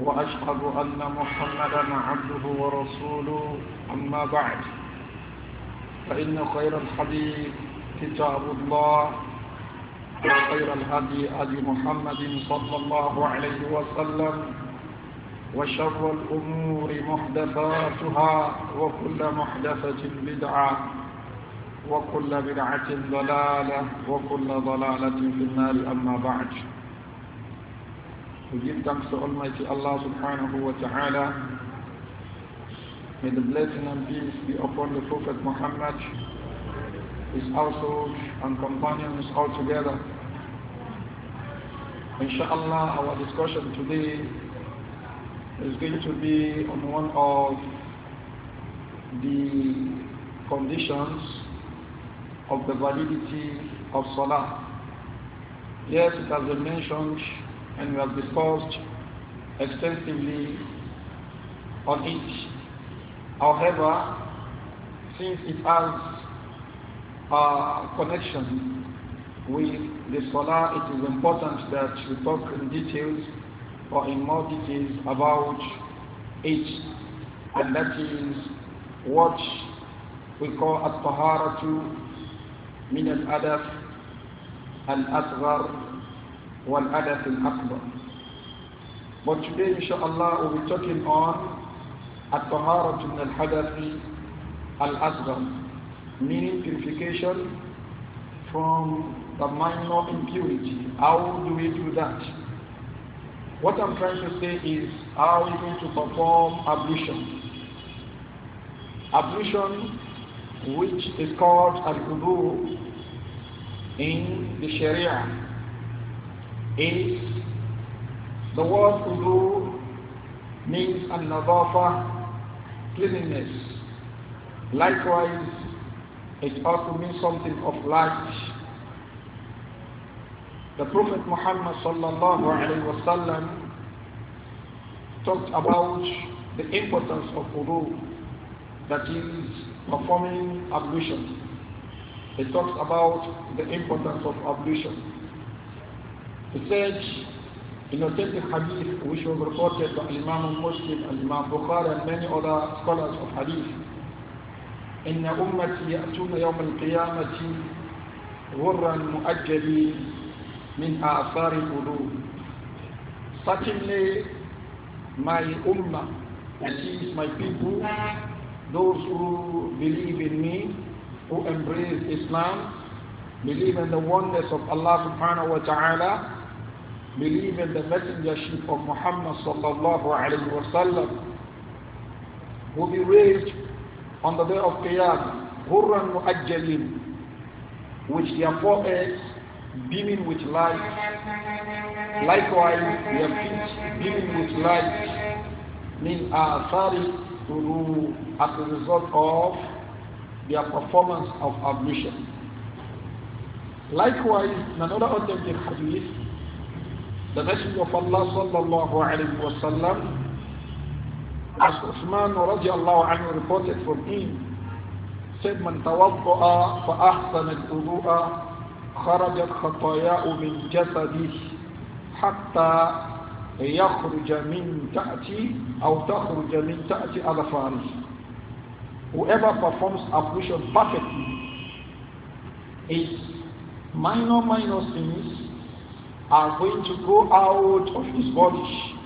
وأشهد أن محمدا عبده ورسوله أما بعد فإن خير الحديث كتاب الله وخير الهدي أبي محمد صلى الله عليه وسلم وشر الأمور محدثاتها وكل محدثة بدعة وكل بدعة ضلالة وكل ضلالة في النار أما بعد We give thanks to Almighty Allah subhanahu wa ta'ala. May the blessing and peace be upon the Prophet Muhammad, his household and companions all together. Inshallah, our discussion today is going to be on one of the conditions of the validity of Salah. Yes, it has been mentioned and we have discussed extensively on it. However, since it has a connection with the solar, it is important that we talk in details or in more details about it, and that is what we call at-taharatu min al-adaf al-asghar والحدث الأكبر But today inshallah we'll be talking on الطهارة من الحدث الأصغر meaning purification from the minor impurity. How do we do that? What I'm trying to say is how we going to perform ablution. Ablution which is called al-wudu in the Sharia is the word wudu means an-nadafa, cleanliness. Likewise, it also means something of light. The Prophet Muhammad sallallahu alaihi wasallam talked about the importance of wudu, that is performing ablution. He talks about the importance of ablution. He said, in authentic hadith, which was reported by Imam Muslim and Imam Bukhari and many other scholars of hadith, إن أمتي يأتون يوم القيامة غرا مؤجلين من آثار القلوب. Certainly, my ummah, that is my people, those who believe in me, who embrace Islam, believe in the oneness of Allah subhanahu wa ta'ala, believe in the messengership of Muhammad sallallahu alayhi wasallam who be raised on the day of Qiyamah, Hurran Mu'ajjalin, which their foreheads beaming with light, likewise their feet beaming with light, min athari tulu as a result of their performance of ablution. Likewise, in another authentic hadith, The Messenger of Allah sallallahu alayhi wa sallam, as Uthman الله عنه reported from him, said, من توضأ فأحسن الوضوء خرجت خطاياه من جسده حتى يخرج من تأتي أو تخرج من تأتي على فارس Whoever performs ablution perfectly, is minor minor sins are going to go out of his body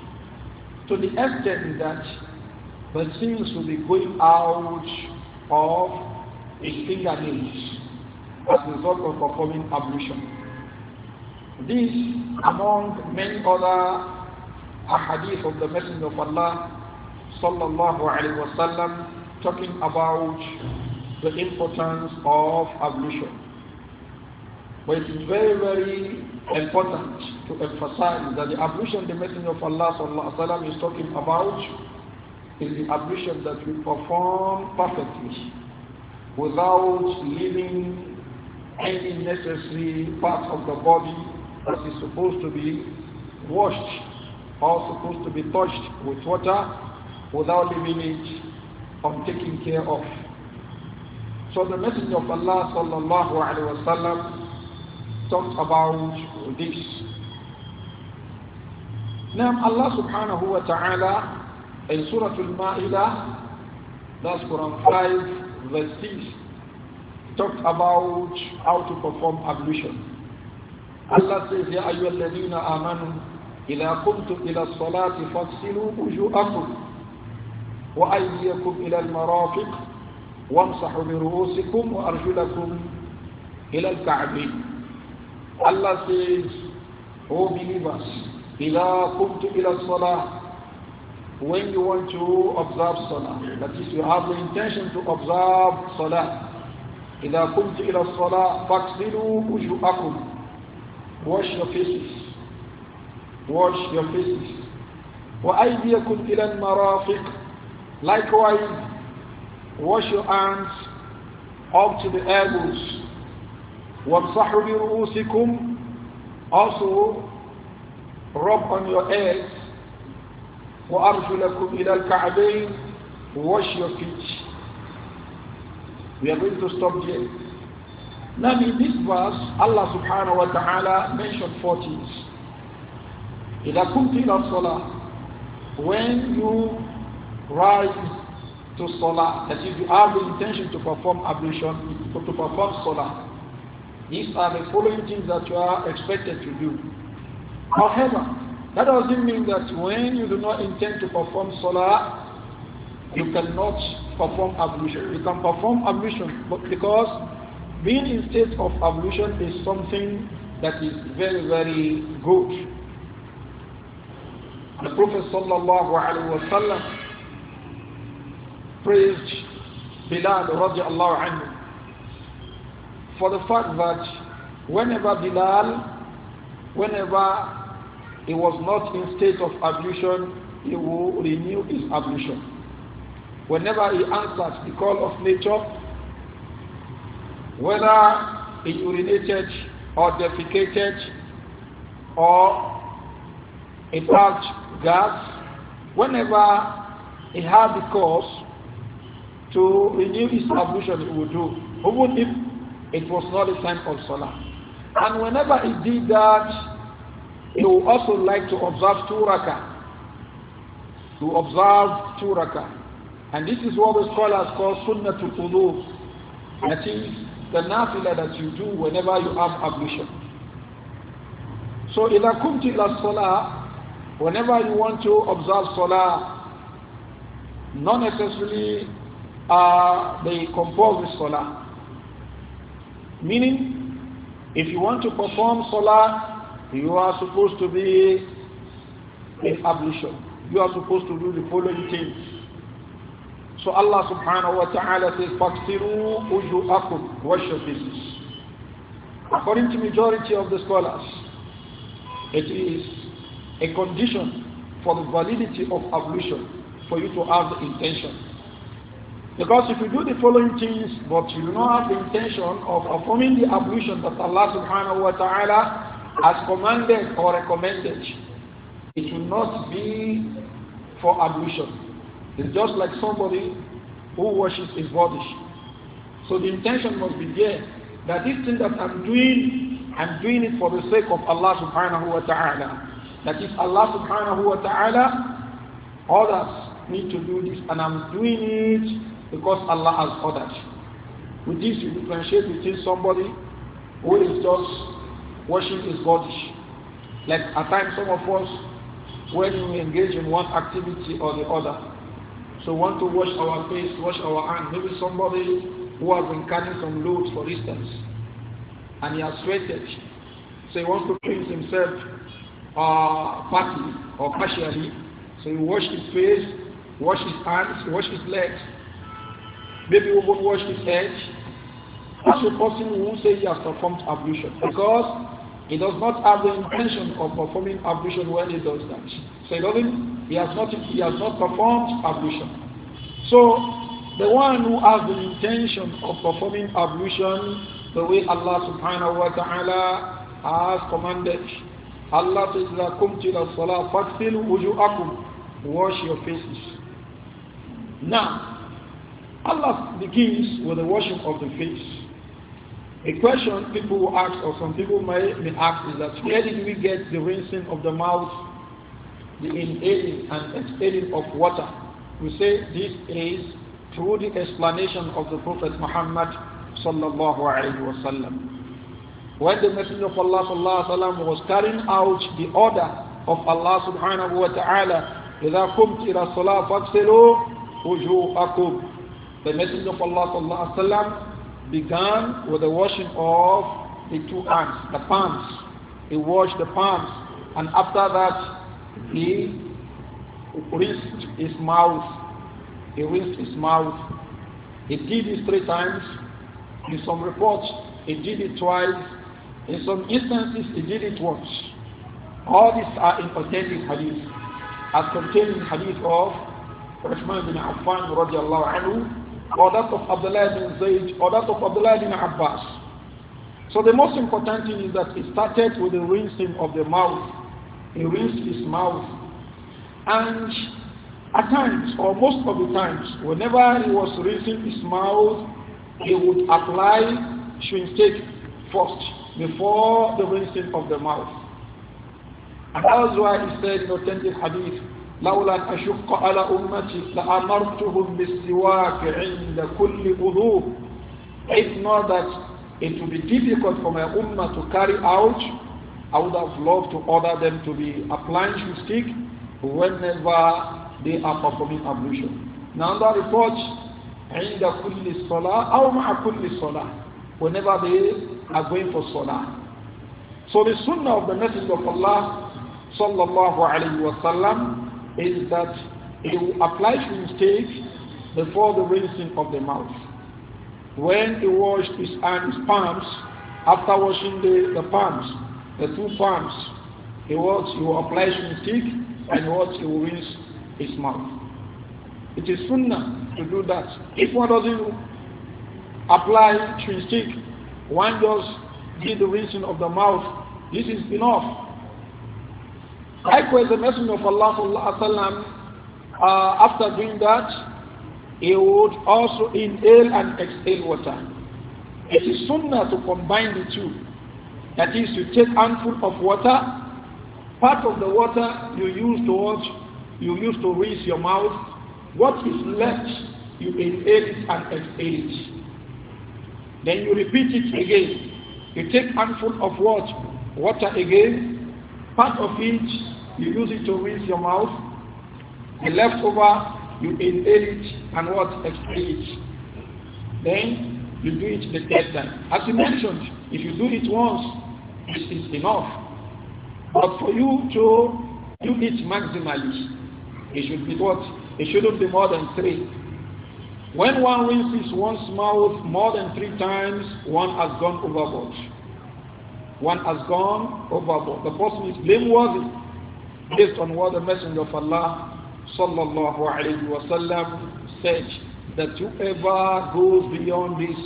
to the extent that the things will be going out of his fingernails as a result of performing ablution. This, among many other ahadith of the Messenger of Allah sallallahu alaihi wasallam talking about the importance of ablution. But it is very, very important to emphasize that the ablution the Messenger of Allah is talking about is the ablution that we perform perfectly without leaving any necessary part of the body that is supposed to be washed or supposed to be touched with water without leaving it untaken taking care of. So the Messenger of Allah sallallahu alaihi wasallam talked about this. Now Allah subhanahu wa ta'ala in Surah Al-Ma'idah, that's Quran 5 verse 6, talked about how to perform ablution. Allah says, يا أيها الذين آمنوا إذا قمتم إلى الصلاة فاغسلوا وجوهكم وأيديكم إلى المرافق وامسحوا برؤوسكم وأرجلكم إلى الكعبين Allah says, O believers, إِذَا قُمْتُ إِلَى salah, When you want to observe Salah, that is, you have the intention to observe Salah, إِذَا قُمْتُ إِلَى الصَّلَاةِ فَاقْسِلُوا وُجُوءَكُمْ Wash your faces. Wash your faces. وَأَيْدِيَكُمْ إِلَى الْمَرَافِقِ Likewise, wash your hands up to the elbows. وَامْصَحُوا بِرُؤُوسِكُمْ Also, rub on your heads. وَأَرْجُلَكُمْ إِلَى الْكَعْبَيْنِ Wash your feet. We are going to stop here. Now in this verse, Allah subhanahu wa ta'ala mentioned four things. إِذَا كُمْتِ إِلَى الصَّلَاةِ When you rise to salah, that is, you have the intention to perform ablution, to perform salah. These are the following things that you are expected to do. However, that doesn't mean that when you do not intend to perform salah, you cannot perform ablution. You can perform ablution but because being in state of ablution is something that is very, very good. The Prophet sallallahu alaihi wasallam praised Bilal radiallahu anhu for the fact that whenever Bilal, whenever he was not in state of ablution, he will renew his ablution. Whenever he answered the call of nature, whether he urinated or defecated or inhaled gas, whenever he had the cause to renew his ablution, he would do. Even if it was not the time of Salah. And whenever he did that, he would also like to observe two To observe two And this is what the scholars call sunnatul qudub. That is the nafila that you do whenever you have ablution. So in كنت إلى salah, whenever you want to observe salah, not necessarily uh, they compose the salah. Meaning, if you want to perform salah, you are supposed to be in ablution. You are supposed to do the following things. So Allah subhanahu wa ta'ala says, فَاقْتِرُوا أُجُوءَكُمْ وَشَفِزِسِ According to majority of the scholars, it is a condition for the validity of ablution for you to have the intention. Because if you do the following things, but you do not have the intention of performing the ablution that Allah subhanahu wa ta'ala has commanded or recommended, it will not be for ablution. It's just like somebody who washes his body. So the intention must be there that this thing that I'm doing, I'm doing it for the sake of Allah subhanahu wa ta'ala. That if Allah subhanahu wa ta'ala, others need to do this and I'm doing it because Allah has ordered. With this, you differentiate between somebody who is just washing his body. Like at times, some of us, when we engage in one activity or the other, so want to wash our face, wash our hand. Maybe somebody who has been carrying some loads, for instance, and he has sweated, so he wants to cleanse himself uh, partly or partially. So he wash his face, wash his hands, wash his legs, Maybe we won't wash his head. That's a person who will say he has performed ablution because he does not have the intention of performing ablution when he does that. So he doesn't. He has not. He has not performed ablution. So the one who has the intention of performing ablution the way Allah Subhanahu wa Taala has commanded. Allah says, "La kum tila salah, wash your faces." Now, Allah begins with the washing of the face. A question people will ask, or some people may, may ask, is that where did we get the rinsing of the mouth, the inhaling and exhaling of water? We say this is through the explanation of the Prophet Muhammad sallallahu alaihi wasallam. When the Messenger of Allah sallallahu alaihi wasallam was carrying out the order of Allah subhanahu wa taala, إذا قمت إلى الصلاة فاغسلوا وجوهكم the Messenger of Allah وسلم, began with the washing of the two hands, the palms. He washed the palms, and after that, he rinsed his mouth. He rinsed his mouth. He did it three times. In some reports, he did it twice. In some instances, he did it once. All these are in authentic hadith, as contained in hadith of Uthman bin Affan radiallahu anhu, or that of Abdullah bin Zayd, or that of Abdullah bin Abbas. So the most important thing is that he started with the rinsing of the mouth. He rinsed his mouth. And at times, or most of the times, whenever he was rinsing his mouth, he would apply chewing stick first before the rinsing of the mouth. And that was why he said in authentic hadith, لولا أن أشق على أمتي لأمرتهم بالسواك عند كل وضوء If not that it would be difficult for my ummah to carry out, I would have loved to order them to be applying stick whenever they are performing ablution. Now that report, عند كل صلاة أو مع كل صلاة whenever they are going for salah. So the sunnah of the Messenger of Allah sallallahu alayhi wa sallam is that he will apply his mistake before the rinsing of the mouth. When he washed his hands, palms, after washing the, the palms, the two palms, he was he will apply his mistake and what he will rinse his mouth. It is sunnah to do that. If one doesn't apply shrinstik, one does did the rinsing of the mouth, this is enough. Likewise, the Messenger of Allah وسلم, uh, after doing that, he would also inhale and exhale water. It is sunnah to combine the two. That is, you take handful of water, part of the water you use to wash, you use to rinse your mouth. What is left, you inhale it and exhale it. Then you repeat it again. You take handful of water, Water again, Part of it, you use it to rinse your mouth. The leftover, you inhale it and what? Exhale it. Then you do it the third time. As you mentioned, if you do it once, this is enough. But for you to do it maximally, it should be what? It shouldn't be more than three. When one rinses one's mouth more than three times, one has gone overboard. One has gone overboard. The person is blameworthy based on what the Messenger of Allah sallallahu alayhi wa sallam said that whoever goes beyond this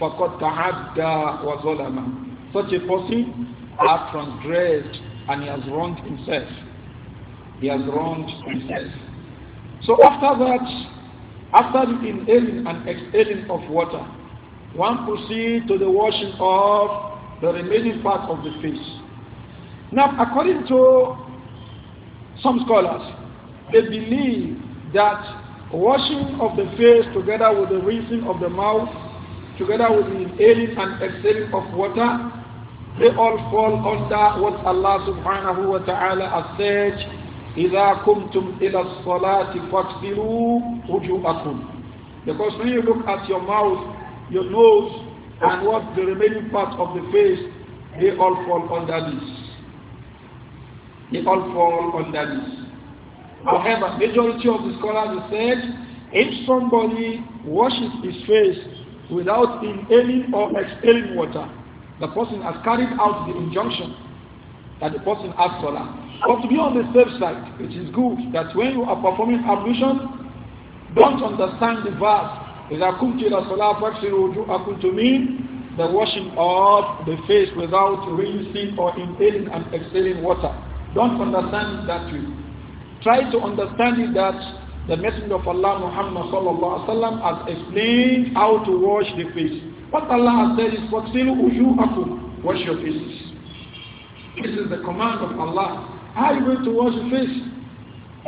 فَقَدْ تَعَدَّى وَظَلَمَ Such a person has transgressed and he has wronged himself. He has wronged himself. So after that, after the inhaling and exhaling of water, one proceeds to the washing of the remaining part of the face. Now, according to some scholars, they believe that washing of the face together with the rinsing of the mouth, together with the inhaling and exhaling of water, they all fall under what Allah subhanahu wa ta'ala has said, إِذَا كُمْتُمْ إِلَى الصَّلَاةِ فَاكْفِرُوا وُجُوءَكُمْ Because when you look at your mouth, your nose, and what the remaining part of the face, they all fall under this. They all fall under this. However, majority of the scholars said, if somebody washes his face without inhaling or exhaling water, the person has carried out the injunction that the person has salah. But to be on the safe side, it is good that when you are performing ablution, don't understand the verse إذا كنت إلى الصلاة فاغسل وجوهكم to mean the washing of the face without rinsing or inhaling and exhaling water. Don't understand that way. Try to understand it that the Messenger of Allah Muhammad sallallahu alaihi wasallam has explained how to wash the face. What Allah has said is have وُجُوهَكُمْ Wash your faces. This is the command of Allah. How are you going to wash your face?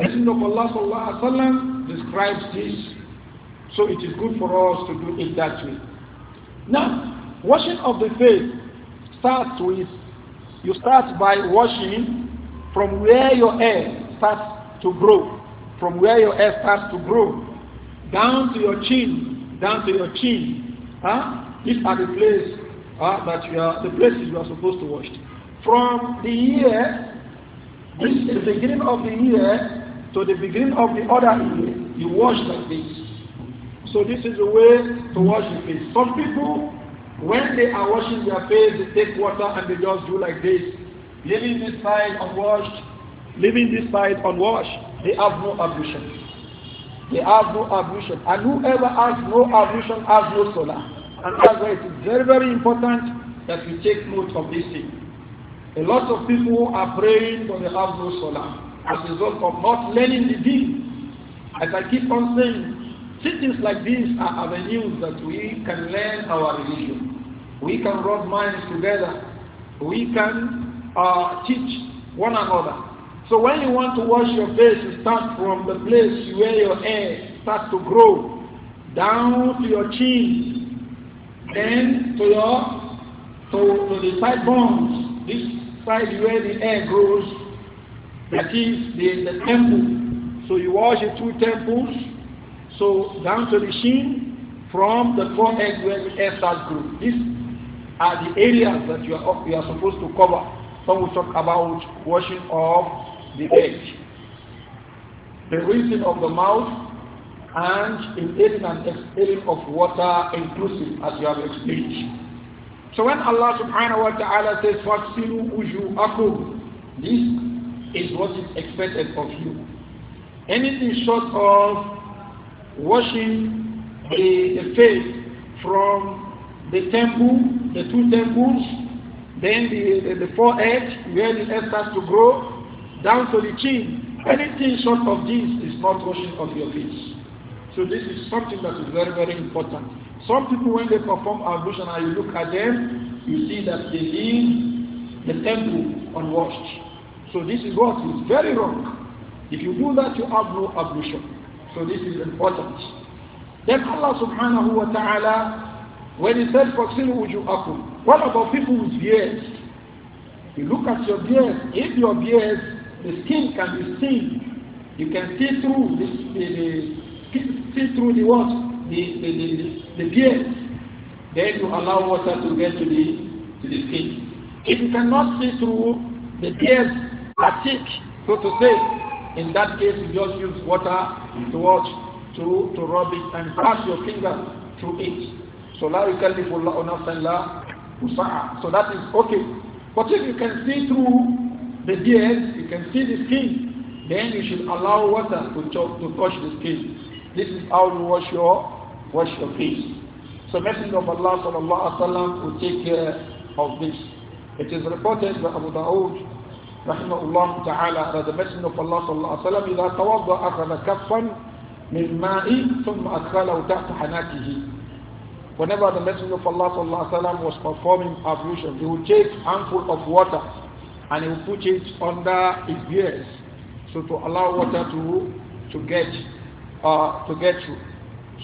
Messenger of Allah sallallahu alaihi wasallam describes this so it is good for us to do it that way. Now, washing of the face starts with, you start by washing from where your hair starts to grow, from where your hair starts to grow, down to your chin, down to your chin. Huh? These are the places uh, that you are, the places you are supposed to wash. From the ear, this is the beginning of the ear to the beginning of the other year, you wash like this. So this is a way to wash the face. Some people, when they are washing their face, they take water and they just do like this, leaving this side unwashed, leaving this side unwashed. They have no ablution. They have no ablution. And whoever has no ablution has no solar. And that's why it is very, very important that we take note of this thing. A lot of people are praying but they have no solar as a result of not learning the deen. As I keep on saying, things like these are avenues that we can learn our religion. We can rub minds together. We can uh, teach one another. So when you want to wash your face, you start from the place where your hair starts to grow, down to your chin, then to your to, to the side bones, this side where the hair grows, that is the, the temple. So you wash the two temples, so down to the shin from the forehead where the hair starts growing. These are the areas that you are, you are supposed to cover. Some will talk about washing off the edge, the rinsing of the mouth, and inhaling and exhaling of water inclusive, as you have explained. So when Allah subhanahu wa ta'ala says, uju ujuakum, this is what is expected of you. Anything short of washing the, the face from the temple, the two temples, then the, the, the forehead where the hair starts to grow, down to the chin. Anything short of this is not washing of your face. So this is something that is very, very important. Some people, when they perform ablution and you look at them, you see that they leave the temple unwashed. So this is what is very wrong. If you do that, you have no ablution. So this is important. Then Allah subhanahu wa ta'ala, when he said, فَقْسِلُ وُجُوءَكُمْ What about people with beards? You look at your beard. If your beard, the skin can be seen, you can see through this, the, the see through the what, the the, the, the beard. Then you allow water to get to the to the skin. If you cannot see through the beard, a tick, so to say, In that case, you just use water to wash, to, to rub it and pass your finger through it. So la yukallifullahu nafsan la usa'a. So that is okay. But if you can see through the beard, you can see the skin, then you should allow water to, to touch the skin. This is how you wash your, wash your face. So Messenger of Allah sallallahu alaihi wasallam will take care of this. It is reported by Abu Dawud رحمه الله تعالى صلى الله عليه وسلم إذا توضأ أخذ كفا من ماء ثم أدخله تحت Whenever the Messenger of Allah صلى الله عليه وسلم was performing ablution, he would take handful of water and he would put it under his ears so to allow water to to get uh, to get through.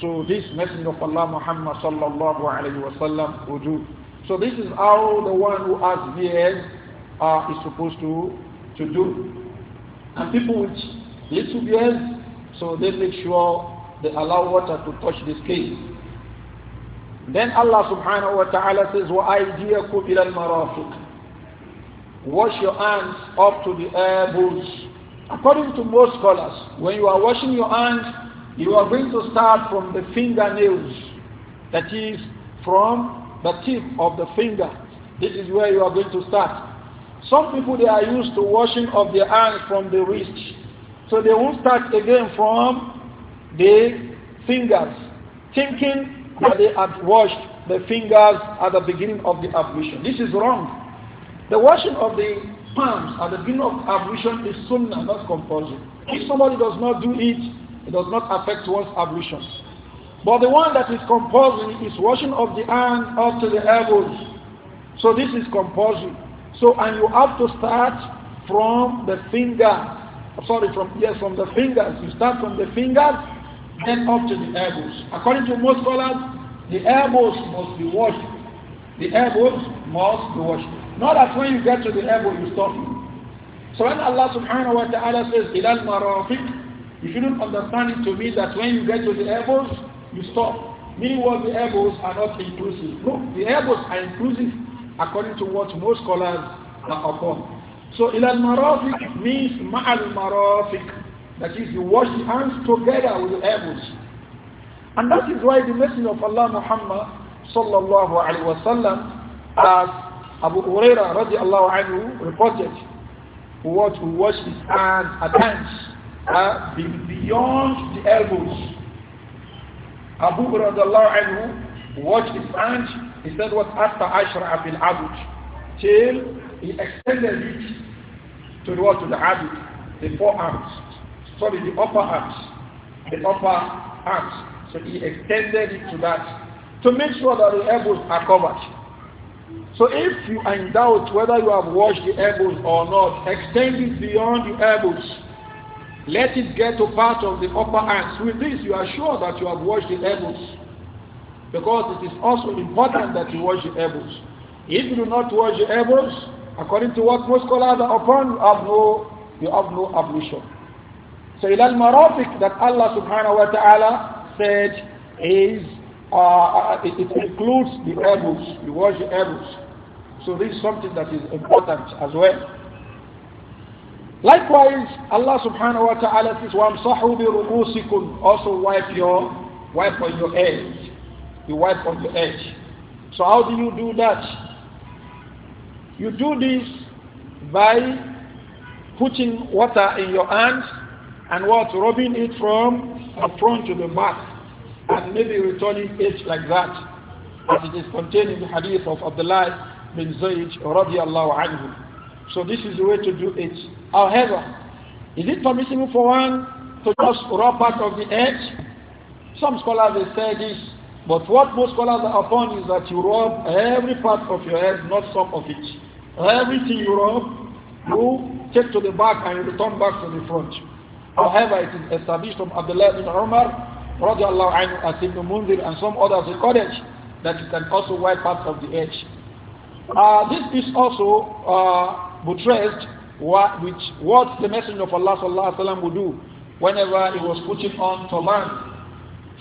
So this Messenger of Allah Muhammad sallallahu alayhi wa sallam would do. So this is how the one who has ears uh, is supposed to, to do. And people to be beards, so they make sure they allow water to touch the skin. Then Allah subhanahu wa ta'ala says, وَأَيْدِيَكُمْ إِلَى الْمَرَافِقِ Wash your hands up to the elbows. According to most scholars, when you are washing your hands, you are going to start from the fingernails. That is, from the tip of the finger. This is where you are going to start. Some people, they are used to washing of their hands from the wrist. So they won't start again from the fingers, thinking that they have washed the fingers at the beginning of the ablution. This is wrong. The washing of the palms at the beginning of ablution is sunnah, not compulsory. If somebody does not do it, it does not affect one's ablution. But the one that is compulsory is washing of the hand up to the elbows. So this is compulsory. So, and you have to start from the finger. Sorry, from yes, from the fingers. You start from the fingers, then up to the elbows. According to most scholars, the elbows must be washed. The elbows must be washed. Not that when you get to the elbow, you stop. So when Allah subhanahu wa ta'ala says, Ilal marafiq, you shouldn't understand it to mean that when you get to the elbows, you stop. Meaning what the elbows are not inclusive. Look, the elbows are inclusive according to what most scholars are upon. So ilal marafiq means ma'al marafiq. That is, you wash the hands together with the elbows. And that is why the Messenger of Allah Muhammad sallallahu alaihi wasallam, as Abu Huraira radiallahu anhu reported, what who washed his hands at hands uh, beyond the elbows. Abu radiallahu anhu washed his hands he said what after Ashra bil Abud till he extended it to what to the habit, the forearms. Sorry, the upper arms. The upper arms. So he extended it to that to make sure that the elbows are covered. So if you are in doubt whether you have washed the elbows or not, extend it beyond the elbows. Let it get to part of the upper arms. With this, you are sure that you have washed the elbows. Because it is also important that you wash your elbows. If you do not wash your elbows, according to what most scholars are upon, you have no, you have no ablution. So ilal marafiq that Allah subhanahu wa ta'ala said is, uh, uh, it, it, includes the elbows, you wash your elbows. So this is something that is important as well. Likewise, Allah subhanahu wa ta'ala says, وَامْصَحُوا بِرُؤُوسِكُمْ Also wipe your, wipe on your hands you wipe on the edge. So how do you do that? You do this by putting water in your hands and what rubbing it from the front to the back and maybe returning it like that as it is contained in the hadith of Abdullah bin Zayd radiallahu anhu. So this is the way to do it. However, is it permissible for one to just rub part of the edge? Some scholars they say this but what most scholars are upon is that you rub every part of your head, not some of it. Everything you rub, you take to the back and you return back to the front. However, it is established from Abdullah bin Umar, radiallahu anhu, as Ibn Munzir, and some others recorded that you can also wipe part of the edge. Uh, this is also uh, buttressed what, which, what the Messenger of Allah sallallahu alaihi wasallam would do whenever he was putting on turban.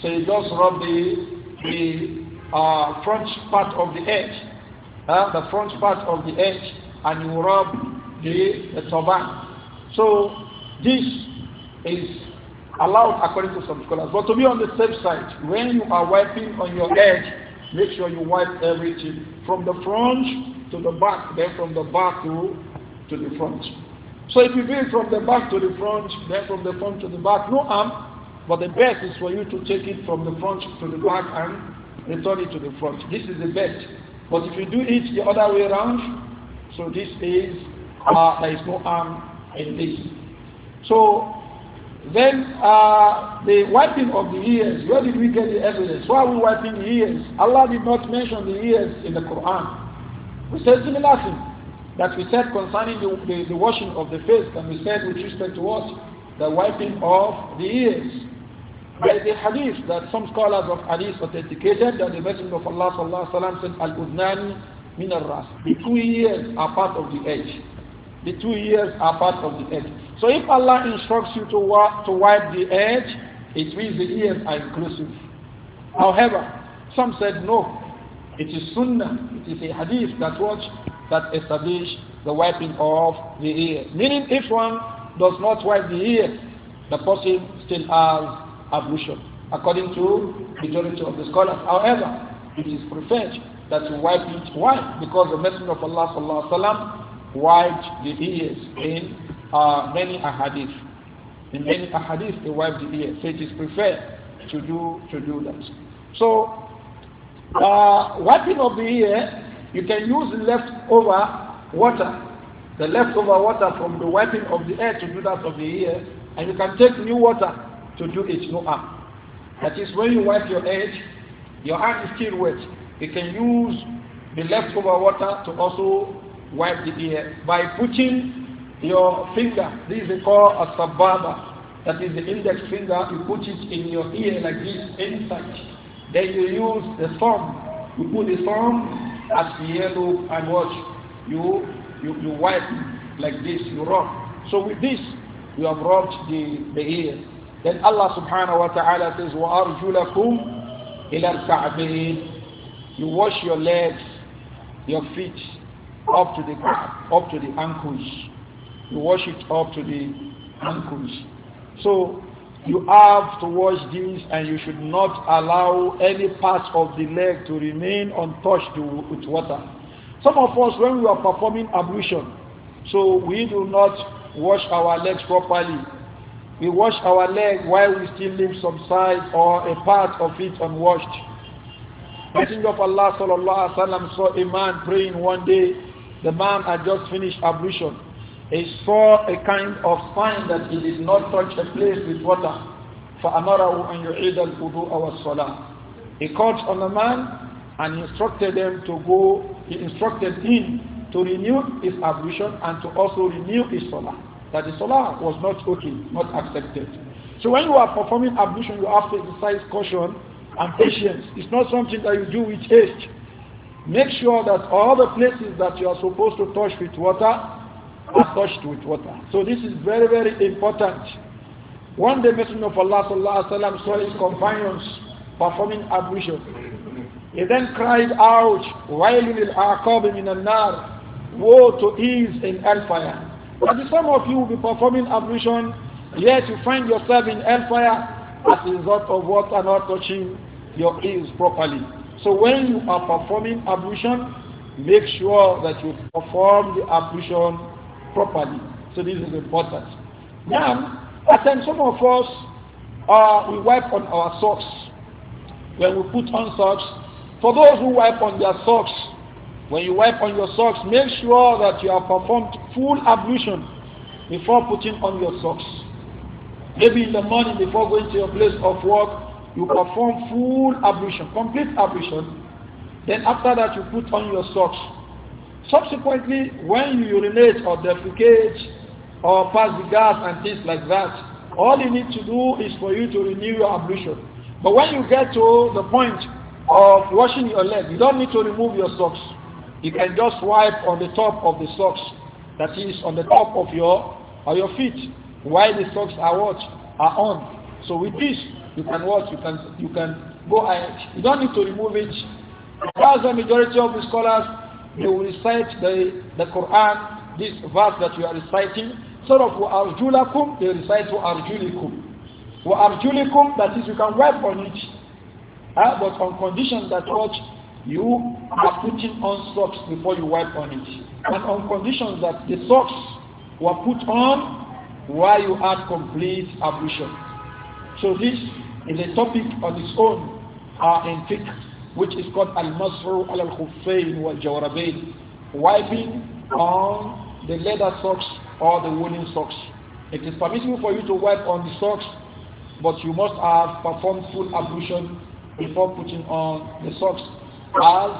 So he just rubbed the the uh, front part of the edge, uh, the front part of the edge, and you rub the, the turban. So this is allowed according to some scholars. But to be on the safe side, when you are wiping on your edge, make sure you wipe everything from the front to the back, then from the back to, to the front. So if you wipe from the back to the front, then from the front to the back, no harm. But the best is for you to take it from the front to the back and return it to the front. This is the best. But if you do it the other way around, so this is, uh, there is no harm in this. So then uh, the wiping of the ears, where did we get the evidence? Why are we wiping the ears? Allah did not mention the ears in the Quran. We said similar thing that we said concerning the, the, the washing of the face, and we said with respect to what? The wiping of the ears. There is a hadith that some scholars of hadith authenticated that the Messenger of Allah sallallahu said, "Al-Udnani min al-Ras." The two ears are part of the edge. The two ears are part of the edge. So if Allah instructs you to, to wipe the edge, it means the ears are inclusive. However, some said no. It is sunnah. It is a hadith that what that establish the wiping of the ear. Meaning, if one does not wipe the ear, the person still has ablution, according to majority of the scholars. However, it is preferred that you wipe it. Why? Because the Messenger of Allah sallallahu alaihi wasallam wiped the ears in uh, many ahadith. In many ahadith, they wiped the ears. So it is preferred to do to do that. So, uh, wiping of the ear, you can use leftover water, the leftover water from the wiping of the ear to do that of the ear, and you can take new water to do it, no harm. That is when you wipe your head, your hand is still wet. You can use the leftover water to also wipe the ear by putting your finger. This is called a sababa. That is the index finger. You put it in your ear like this inside. Then you use the thumb. You put the thumb as the yellow and watch. You you you wipe like this. You rub. So with this, you have rubbed the the ear. Then Allah subhanahu wa ta'ala says, وَأَرْجُلَكُمْ إِلَى الْكَعْبَيْنِ You wash your legs, your feet, up to the up to the ankles. You wash it up to the ankles. So you have to wash these and you should not allow any part of the leg to remain untouched with water. Some of us, when we are performing ablution, so we do not wash our legs properly we wash our leg while we still leave some side or a part of it unwashed. Messenger of Allah sallallahu alaihi wasallam saw a man praying one day. The man had just finished ablution. He saw a kind of sign that he did not touch a place with water. فَأَمَرَهُ أَنْ يُعِيدَ الْوُضُوءَ وَالصَّلَاةَ He called on the man and instructed them to go, he instructed him to renew his ablution and to also renew his salah that the salah was not okay, not accepted. So when you are performing ablution, you have to exercise caution and patience. It's not something that you do with haste. Make sure that all the places that you are supposed to touch with water are touched with water. So this is very, very important. One day, Messenger of Allah sallallahu saw his companions performing ablution. He then cried out, "Wailul al-aqab min an-nar!" Woe to ease in hellfire. But some of you will be performing ablution, yet you find yourself in hellfire as a result of water not touching your ears properly. So when you are performing ablution, make sure that you perform the ablution properly. So this is important. Now, at times some of us, uh, we wipe on our socks. When we put on socks, for those who wipe on their socks, When you wipe on your socks, make sure that you have performed full ablution before putting on your socks. Maybe in the morning before going to your place of work, you perform full ablution, complete ablution. Then after that, you put on your socks. Subsequently, when you urinate or defecate or pass the gas and things like that, all you need to do is for you to renew your ablution. But when you get to the point of washing your leg, you don't need to remove your socks. You can just wipe on the top of the socks, that is on the top of your or your feet, while the socks are what are on. So with this, you can what you can you can go ahead. You don't need to remove it. As the majority of the scholars they will recite the the Quran, this verse that you are reciting. Sort of arjulakum, they recite to arjulikum. Wa arjulikum, that is you can wipe on it, uh, but on condition that what you are putting on socks before you wipe on it. And on conditions that the socks were put on while you had complete ablution. So this is a topic on its own uh, in fiqh, which is called al-masru al-khuffayn wal wiping on the leather socks or the woolen socks. It is permissible for you to wipe on the socks, but you must have performed full ablution before putting on the socks as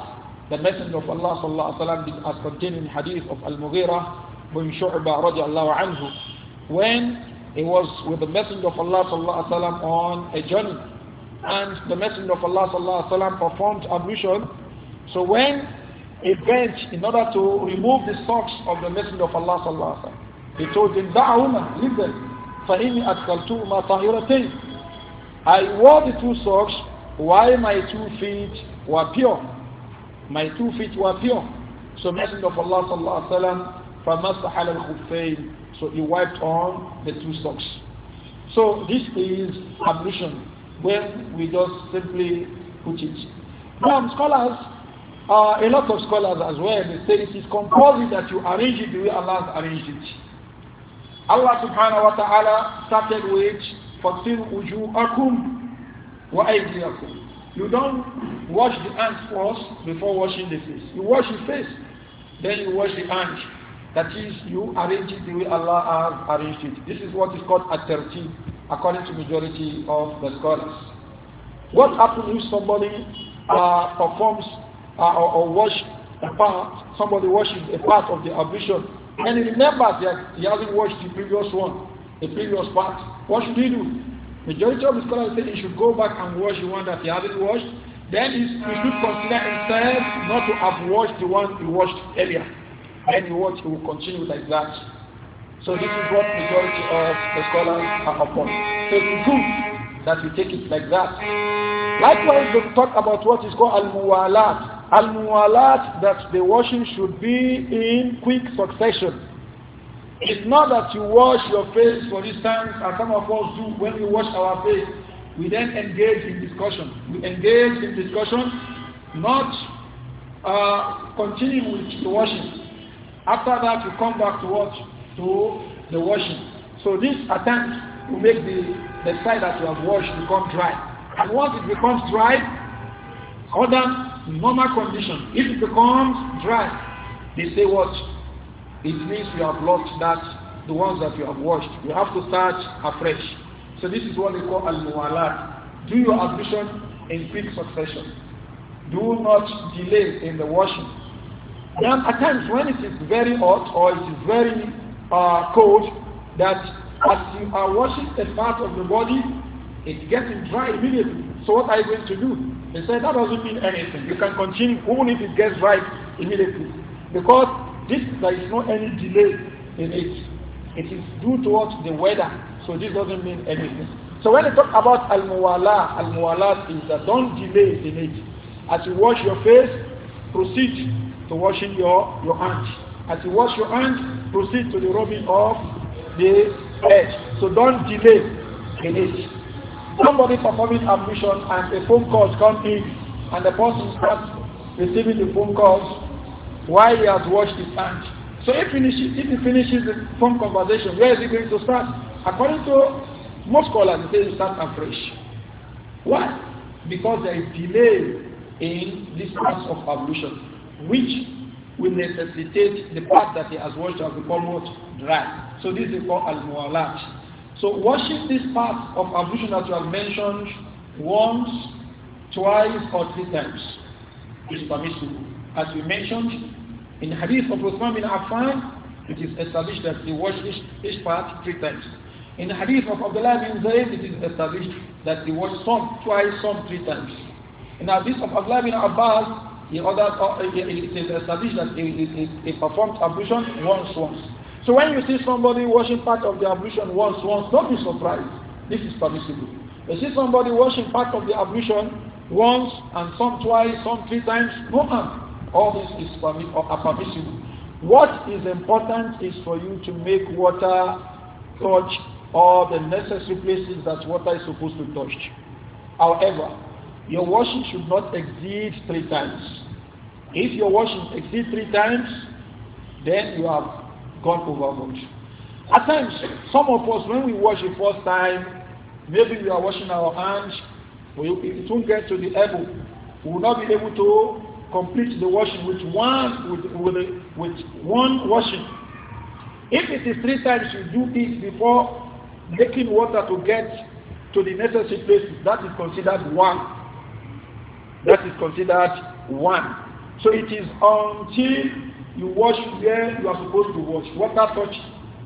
the Messenger of Allah sallallahu alaihi wasallam as contained in hadith of Al-Mughira bin Shu'ba radiallahu anhu when he was with the Messenger of Allah sallallahu alaihi wasallam on a journey and the Messenger of Allah sallallahu alaihi wasallam performed ablution so when a bench in order to remove the socks of the Messenger of Allah sallallahu alaihi wasallam he told him, دعهما, leave them. فإني أدخلتهما طاهرتين. I wore the two socks why my two feet were pure? My two feet were pure. So Messenger of Allah sallallahu alaihi wasallam from So he wiped on the two socks. So this is ablution when we just simply put it. Now scholars, uh, a lot of scholars as well, they say it is compulsory that you arrange it the way Allah has arranged it. Allah subhanahu wa ta'ala started with فَقْتِرْ Akum. وَأَيْدِيَكُمْ You don't wash the hands first before washing the face. You wash the face, then you wash the hands. That is, you arrange it the way Allah has arranged it. This is what is called at according to majority of the scholars. What happens if somebody uh, performs uh, or, or wash a part, somebody washes a part of the ablution, and he remembers that he hasn't washed the previous one, the previous part. What should he do? Majority of the scholars say he should go back and wash the one that he hasn't washed. Then he should consider himself not to have washed the one he washed earlier. Then he watch, he will continue like that. So this is what majority of the scholars are upon. So it's good that we take it like that. Likewise, they talk about what is called al-muwalat. Al-muwalat, that the washing should be in quick succession. It's not that you wash your face, for instance, as some of us do when we wash our face. We then engage in discussion. We engage in discussion, not uh, continue with the washing. After that, we come back to what? To the washing. So this attempt to make the, the side that you have washed become dry. And once it becomes dry, other normal condition, if it becomes dry, they say what? it means you have lost that, the ones that you have washed. You have to start afresh. So this is what they call al-muwalat. Do your ablution in quick succession. Do not delay in the washing. Then at times when it is very hot or it is very uh, cold, that as you are washing a part of the body, it's getting dry immediately. So what are you going to do? They said that doesn't mean anything. You can continue even if it gets dry immediately. Because This, there is no any delay in it. It is due towards the weather, so this doesn't mean anything. So when they talk about al-muwala, al-muwala is that don't delay in it. As you wash your face, proceed to washing your, your hands. As you wash your hands, proceed to the rubbing of the edge. So don't delay in it. Somebody performing ablution and a phone call comes in and the person starts receiving the phone calls while he has washed his hands. So if, finishes, if he finishes the phone conversation, where is he going to start? According to most scholars, he says he starts afresh. Why? Because there is delay in this process of ablution, which will necessitate the part that he has washed has become what? Dry. So this is called al-mu'alat. So washing this part of ablution that you have mentioned once, twice, or three times is permissible. As we mentioned, in the hadith of Uthman bin Affan, it is established that he washed each, each part three times. In the hadith of Abdullah bin Zayd, it is established that he washed some twice, some three times. In the hadith of Abdullah bin Abbas, he ordered, uh, it is established that he, he, he performed ablution once, once. So when you see somebody washing part of the ablution once, once, don't be surprised. This is permissible. You see somebody washing part of the ablution once and some twice, some three times, no harm. All this is uh, permissible. What is important is for you to make water touch all the necessary places that water is supposed to touch. However, your washing should not exceed three times. If your washing exceeds three times, then you have gone overboard. At times, some of us, when we wash the first time, maybe we are washing our hands, we, it won't get to the elbow. We will not be able to complete the worship with one with with, with one washing. If it is three times you do this before making water to get to the necessary place, that is considered one. That is considered one. So it is until you wash where you are supposed to wash. Water touch,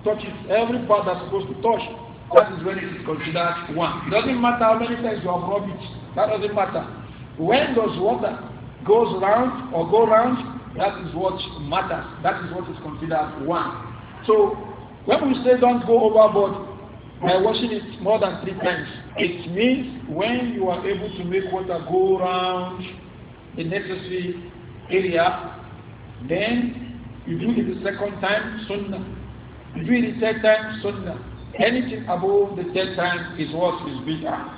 touches every part that's supposed to touch. That is when it is considered one. It doesn't matter how many times you have rubbed it. That doesn't matter. When does water goes round or go round, that is what matters. That is what is considered one. So when we say don't go overboard by washing it more than three times, it means when you are able to make water go round the necessary area, then you do it the second time, sunnah. You do it the third time, sunnah. Anything above the third time is what is bigger.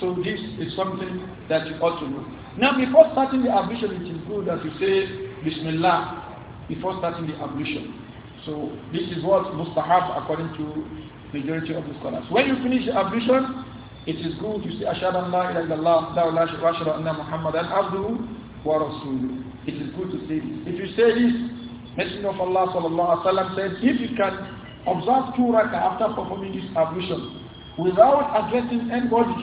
So this is something that you ought to know. Now, before starting the ablution, it is good that you say Bismillah before starting the ablution. So, this is what mustahab according to majority of the scholars. When you finish the ablution, it is good you say Ashhadu an la ilaha illallah wa ashhadu anna Muhammadan abduhu wa It is good to say this. If you say this, Messenger of Allah sallallahu alaihi wasallam said, if you can observe two rak'ah after performing this ablution without addressing anybody,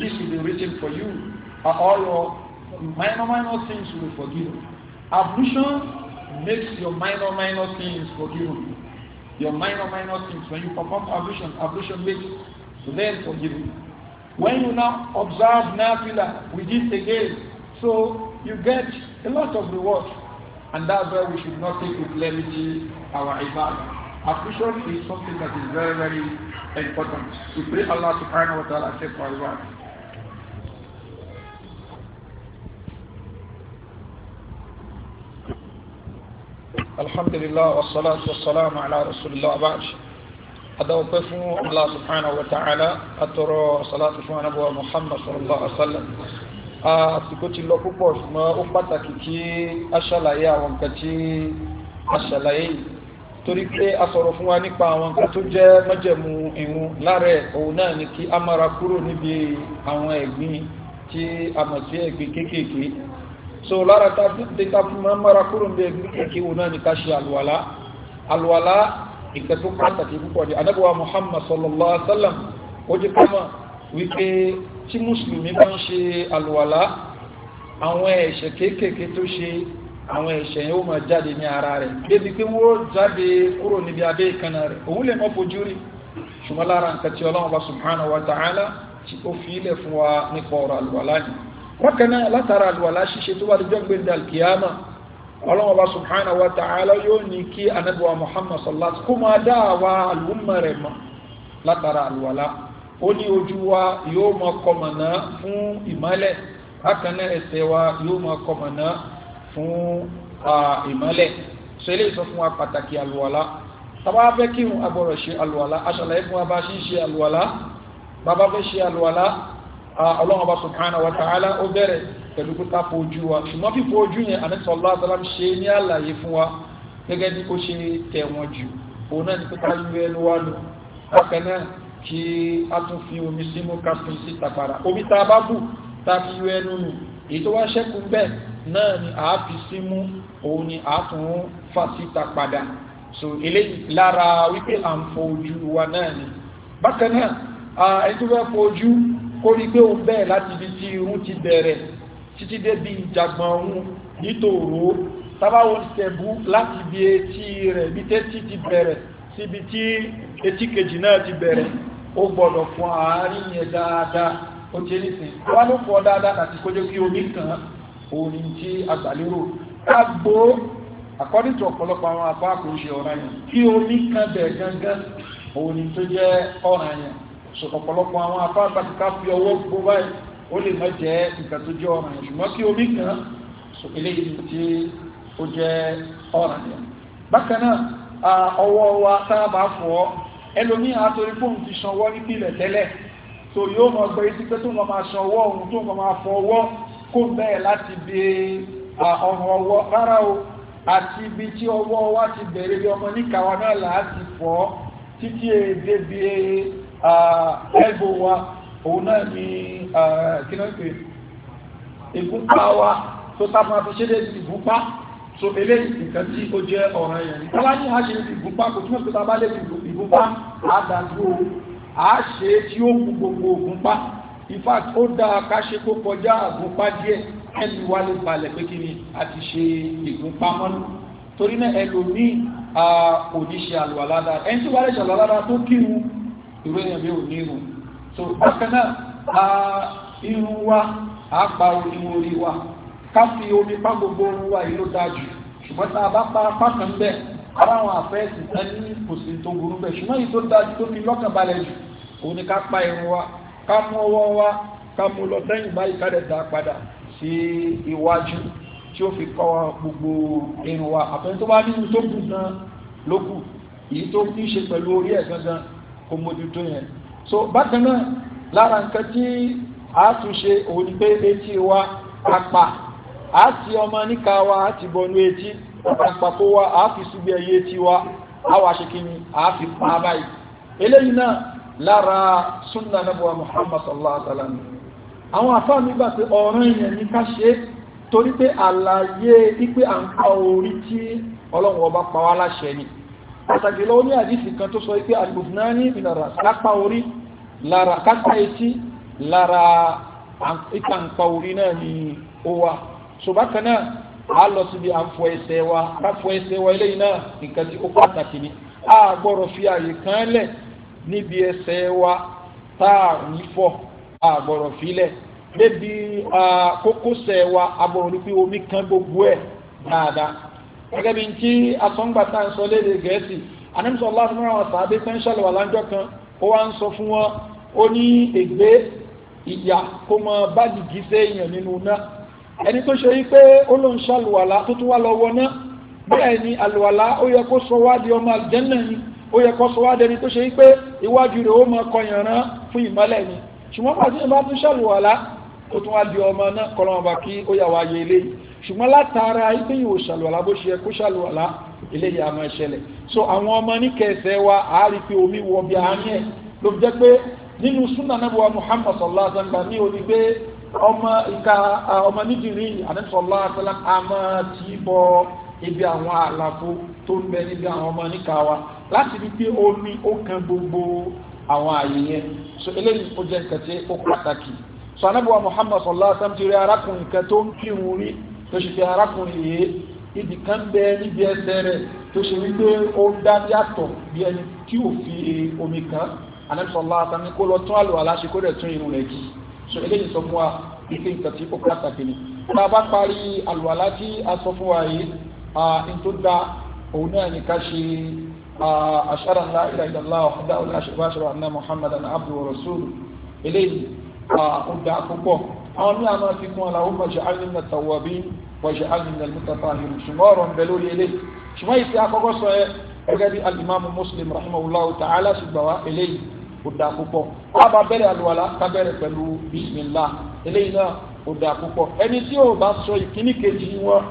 this will be written for you uh, all your minor, minor sins will be forgiven. Ablution makes your minor, minor sins forgiven. Your minor, minor sins, when you perform ablution, ablution makes them forgiven. When you now observe Nafila, we did again. So you get a lot of reward. And that's why we should not take with levity our ibadah. Affliction is something that is very, very important. We pray Allah subhanahu wa ta'ala accept our ibadah. alhamdulillah wasalaatu wasalaamu ala rasulillah abaaj adawpe fún allah subhanahu wa ta'ala atoro salatu fún anabuwa muhammad sallallahu alaihi wa sallam àsìkò ti lọ púpọ̀ ṣùgbọ́n ó pàtàkì kí a ṣàlàyé àwọn nǹkan tí a ṣàlàyé torí pé a sọ̀rọ̀ fún wa nípa àwọn nǹkan tó jẹ́ májẹ̀mú ìrun lára ẹ̀ òun náà ni kí a mára kúrò níbi àwọn ẹ̀gbin tí a mọ̀ sí ẹ̀gbin kéékèèké so lára ta dídé ta fún máa mara kúrò ní ẹgbẹ́ kékeré wọn náà ní ká ṣe àlùwàlá àlùwàlá ìgbà tó pàtàkì púpọ̀ ní anábíwá muhammad sallallahu alaihi wa sallam ó jẹ́ kọ́mọ̀ wípé tí mùsùlùmí bá ń ṣe àlùwàlá àwọn ẹ̀ṣẹ̀ kéékèèké tó ṣe àwọn ẹ̀ṣẹ̀ yóò máa jáde ní ara rẹ̀ débi pé wọ́n jáde kúrò níbi abẹ́ ìkànnà rẹ̀ òun lè mọ́ fojú rí ṣùgbọ́n lára nǹkan tí ọlọ́run subhanahu wa ta'ala tí ó fi ilẹ̀ fún wa nípa ọ̀rọ̀ àlùwàlá yìí bákan náà látara àlùwàlá ṣíṣe tó wà lọ́jọ́ gbé dàlkìyàmà ọlọ́wọ́n bá subhanahu wa ta'ala yóò ní kí anabiwa muhammad sallallahu kó máa dá àwa àlùmọ̀ rẹ̀ mọ́ látara àlùwàlá ó ní ojú wa yóò máa kọmọ̀nà fún ìmọ́lẹ̀ bákan ẹsẹ̀ wa yóò máa kọmọ̀nà fún ìmọ́lẹ̀ sọ sọ fún wa pàtàkì àlùwàlá tàbá fẹ́ kírun agbọ̀rọ̀ ṣe àlùwàlá aṣàlàyé Ah, ọlọ́run ọba subhanahu wa ta'ala ó bẹ̀rẹ̀ pẹ̀lú pípa fojú wa ṣùgbọ́n fífo ojú yẹn àníṣọ́lá sálám ṣe ní àlàyé fún wa gẹ́gẹ́ bí ó ṣe tẹ̀ wọ́n jù òun náà ní pípa yú ẹnu wa lò bákan náà kí a tún fi omi símú kásìn sí tàpàrà omi tá a bá bù tá a fi yú ẹnu nù èyí tó wá ṣẹ́kù bẹ́ẹ̀ náà ni a fi símú òun ni a tún fà síta padà so eléyìí lára wípé à ń fo ojú wa náà ni bákan náà ẹni tó fẹ́ fo ojú kó rí pé òun bẹ́ẹ̀ láti ibi tí irun ti bẹ̀rẹ̀ títí débi ìjàgbọ̀n òun nítòòró tábàwọn tẹ̀bú láti ibi etí rẹ̀ ibi tẹ́tí ti bẹ̀rẹ̀ síbi tí etí kejì náà ti bẹ̀rẹ̀ ó gbọ́dọ̀ fún àárín yẹn dáadáa ó ti ní sìn wá ló fọ dáadáa àti kójú kí omi kàn án ti àgbàlérò ká gbó according ọ̀pọ̀lọpọ̀ àwọn apá kò ọ̀ràn yẹn kí omi kan bẹ̀ gangan òun tó jẹ́ ọ̀ràn yẹn so ọ̀pọ̀lọpọ̀ àwọn afá àtàkà fi ọwọ́ gbó báyìí ó lè má jẹ́ nǹkan tó jẹ́ ọ̀ràn yẹn ṣùgbọ́n kí omi kan so eléyìí tí ó jẹ́ ọ̀ràn yẹn bákan náà ọwọ́ wa tá a bá fọ̀ ẹlòmíì àtòrí fóun ti sanwó nípìnlẹ̀ tẹ́lẹ̀ so yóò mọ gbé sí pé tó ń máa san ọwọ́ òun tó ń máa fọ ọwọ́ kó bẹ́ẹ̀ láti bí ọ̀rùn ọwọ́ rárá o àti ibi tí ọwọ́ wa ti bẹ̀rẹ̀ bí ọmọ níkàwá náà là á títí èdè e bíi ẹgbò wa òun náà ní kínáàpé ìgúnpá wa tó tá máa fi ṣe dé ìgúnpá so eléyìí nǹkan tí ó jẹ́ ọ̀ràn yẹn ní tọ́lá ní àṣẹ ìgúnpá kò túnmọ̀ pé tá a bá lè ìgúnpá àdàdúró àṣẹ tí ó mú gbogbo ògúnpá in fact ó dáa ká ṣe kó kọjá àgúnpá díẹ̀ ẹni wá lè balẹ̀ pé kí ni a ti ṣe ìgúnpá mọ́nú torí náà ẹlòmíì kò ní ṣe àlùwàládà ẹni tí wàá lè ṣàlùwàládà tó kírun ìwé yẹn bí ò ní irun so bákan náà irun wa á pa omi orí wa ká fi omi pa gbogbo orun wa yìí ló dáa ṣùgbọ́n tá a bá pa apá kan bẹ́ẹ̀ ara àwọn àfẹ́sì tán ní kò sí tó burú bẹ́ẹ̀ ṣùgbọ́n yìí tó dájú tó fi lọ́kàn balẹ̀ jù òun ni ká pa irun wa ká mú ọwọ́ wa ká mú lọ sẹ́yìn báyìí ká dẹ̀ dá padà sí iwájú tí ó fi kọ́ gbogbo irun wa àfẹ́sì tó bá ní tó kù gan ló èyí tó ní í ṣe pẹ̀lú orí ẹ̀ gangan kó mójútó yẹn so bákan náà lára nǹkan tí a tún ṣe òun pé etí wa apá a ti ọmọ níka wa a ti bọnú etí àpapọ̀ wa a fi síbi ẹyẹ etí wa a wá ṣe kíni a fi pa á báyìí eléyìí náà lára sunna nabuwa muhammad sallallahu alaihi wa sallam àwọn afá mi gbà pé ọ̀ràn yẹn ní ká ṣe é torí pé àlàyé pípé à ń pa orí tí ọlọ́run ọba pa wá láṣẹ ni pàtàkì lọ́wọ́ ní àdìsí kan tó sọ pé alùpùpùnání ìnara lápá orí lára kápá etí lára ìtànpá orí náà ni ó wà ṣùgbọ́n kan náà a lọ síbi àfọ ẹsẹ̀ wa káfọ ẹsẹ̀ wa eléyìí náà nǹkan tí ó pàtàkì ni a gbọ́dọ̀ fi àyè kan lẹ̀ níbi ẹsẹ̀ wa tá a ní fọ́ a gbọ́dọ̀ fi lẹ̀ débi kókósẹ̀ wa a gbọ́dọ̀ ní pé omi kan gbogbo ẹ̀ dáadáa gẹ́gẹ́ bí tí asọ́ngbàtà ń sọ léde gẹ̀ẹ́sì anẹ́mísọ̀ lásìmọ́ àwọn sàábé pẹ́ńṣàlì wà láńjọ́ kan ó wá ń sọ fún wọn ó ní ègbé ìyà kó mọ báàgì gíṣẹ́ èèyàn nínú náà ẹni tó ṣe wípé ó ló ń ṣàlùwàlá tó tún wá lọ́wọ́ náà bẹ́ẹ̀ ni àlùwàlá ó yẹ kó sọ wádìí ọmọ àlùjẹ́nà ni ó yẹ kó sọ wádìí ẹni tó ṣe wípé iwájú rẹ̀ ó mọ kọyànrán fún ìmọ́lẹ̀ ni ṣùgbọ́n pàṣẹ bá tún ṣàlùwàlá ó tún wá di ọmọ náà kọlọ́mọba kí ó yà wáyé eléyìí ṣùgbọ́n látara ipe yìí ò ṣàlùwàlá bó ṣe yẹ kó ṣàlùwàlá eléyìí a máa ṣẹlẹ̀ so àwọn ọmọ níkẹsẹ̀ wa a rí pé omi wọ bí àárín ẹ̀ ló jẹ́ pé nínú súnà náà Muhammad sallallahu alaihi wasallam ní omi pé ọmọ ìka ọmọ nídìrí ànábì sallallahu alaihi wasallam a máa ti bọ ibi àwọn àlàfo tó ń bẹ níbi àwọn ọmọ níka wa láti rí pé omi ó kan gbogbo àwọn àyè yẹn so eléyìí ó jẹ́ nǹkan tí ó pàtàkì so ànábì Muhammad sallallahu alaihi wasallam ti rí arákùnrin kan tó ń kírun rí tó ṣe pé arákùnrin yìí ibì kan bẹ níbi ẹsẹ̀ rẹ̀ tó ṣe wípé ó dá yàtọ̀ bí ẹni tí ò fi omi kan anẹ́sọ̀lá àtàmì kó lọ tún àlọ́ aláṣẹ kó dẹ̀ tún irun rẹ̀ jì so eléyìí sọ fún wa ìpè nǹkan tí ó pàtàkì ni tá a bá parí àlọ́ aláṣẹ a sọ fún wa yìí n tó da òun náà ní ká ṣe ashhadu an la ilaha illallah wahdahu la sharika lahu wa ashhadu anna eléyìí ó da púpọ̀ àwọn ní àmà fi kún aláwọ̀ bàjẹ́ alìmọ̀ tàwọ̀bí bàjẹ́ alìmọ̀ mutatahirin ṣùgbọ́n ọ̀rọ̀ ń bẹ lórí ilé ṣùgbọ́n ìfẹ́ akọ́kọ́ sọ ẹ gẹ́gẹ́ bí alìmọ̀ muslim rahimahullahu ta'ala ṣùgbọ́n wa eléyìí kò dáa púpọ̀ wọ́n bẹ̀rẹ̀ àlùwàlá ká bẹ̀rẹ̀ pẹ̀lú bismillah eléyìí náà kò dáa púpọ̀ ẹni tí ò bá sọ ìkíní kejì wọn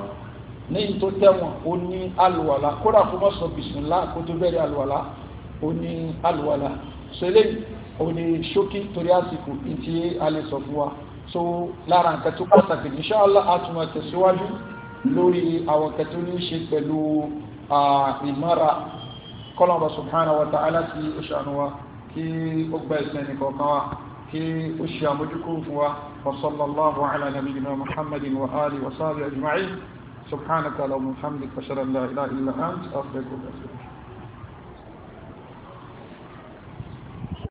ní tó tẹ̀wọ̀n ó ní àlùwàlá kódà kó mọ̀ sọ bismillah kó tó bẹ̀rẹ̀ àlùwàlá ó ní àlùwàlá ṣẹlẹ̀ ò ní ṣókí torí àsìkò ìtì alẹ́ sọ fún wa so lára nǹkan tó pàtàkì inṣàlá àtúmọ̀ tẹ̀síwájú lórí àwọn nǹkan tó ní ṣe pẹ̀lú ìmọ̀ra kọ́lọ̀mọ̀ subhanahu wa ta'ala ti oṣàánú wa kí ó gba ìsìn nìkọ̀ọ̀kan wa kí ó ṣe àmójúkúrò fún wa وصلى الله على نبينا محمد وآله وصحبه أجمعين سبحانك اللهم وبحمدك أشهد أن لا إله إلا أنت أستغفرك وأتوب إليك